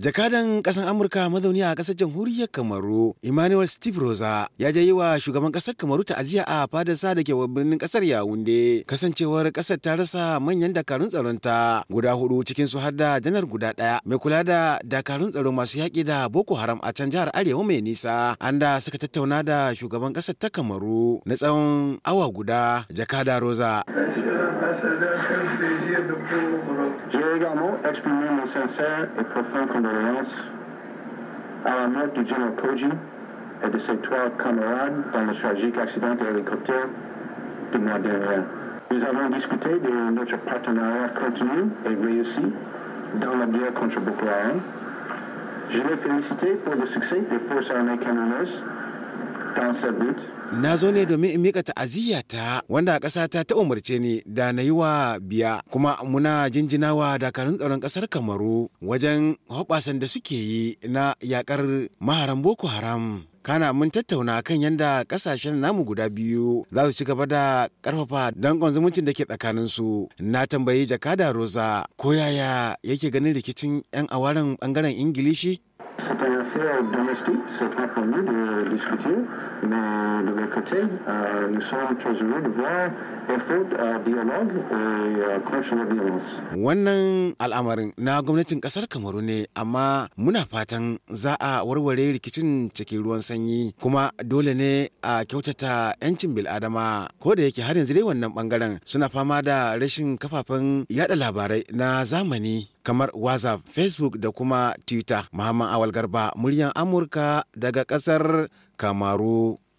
Jakadan ƙasar Amurka mazauni a ƙasar jamhuriyar Kamaru, Emmanuel Steve Rosa, ya je yi wa shugaban ƙasar Kamaru ta'aziyya a fadarsa da ke birnin ƙasar Yaounde, kasancewar ƙasar ta rasa manyan dakarun tsaron ta guda hudu cikin su har da janar guda ɗaya mai kula da dakarun tsaro masu yaƙi da Boko Haram a can jihar Arewa mai nisa. An da suka tattauna da shugaban ƙasar ta Kamaru na tsawon awa guda, Jakada Rosa. également exprimer mes sincères et profondes condoléances à la mort du général Koji et de ses trois camarades dans le tragique accident d'hélicoptère de mois dernier. Nous avons discuté de notre partenariat continu et réussi dans la guerre contre Boko Haram Je les félicite pour le succès des forces armées camerounaises Na zo ne domin in miƙa ta'aziyyata wanda ƙasa ta umarce ni da na yi wa biya kuma muna jinjinawa dakarun tsaron ƙasar Kamaru wajen hoɓasan da suke yi na yaƙar maharan Boko Haram. kana mun tattauna kan yadda kasashen namu guda biyu za su ci gaba da karfafa dankon zumuncin da ke tsakaninsu na tambayi jakada rosa ko yaya yake ganin rikicin yan awaren bangaren ingilishi C'est un fait domestique, c'est pas pour nous de discuter, mais de notre côté, euh, nous sommes très heureux de voir effort à euh, dialogue et euh, contre la violence. Wannan al'amarin na gwamnatin kasar Kamaru ne, amma muna fatan za a warware rikicin cikin ruwan sanyi kuma dole ne a kyautata 'yancin bil'adama ko da yake har yanzu dai wannan bangaren suna fama da rashin kafafen yada labarai na zamani kamar WhatsApp, Facebook da kuma Twitter. Muhammad Awal Garba, muryan Amurka daga ƙasar Kamaru.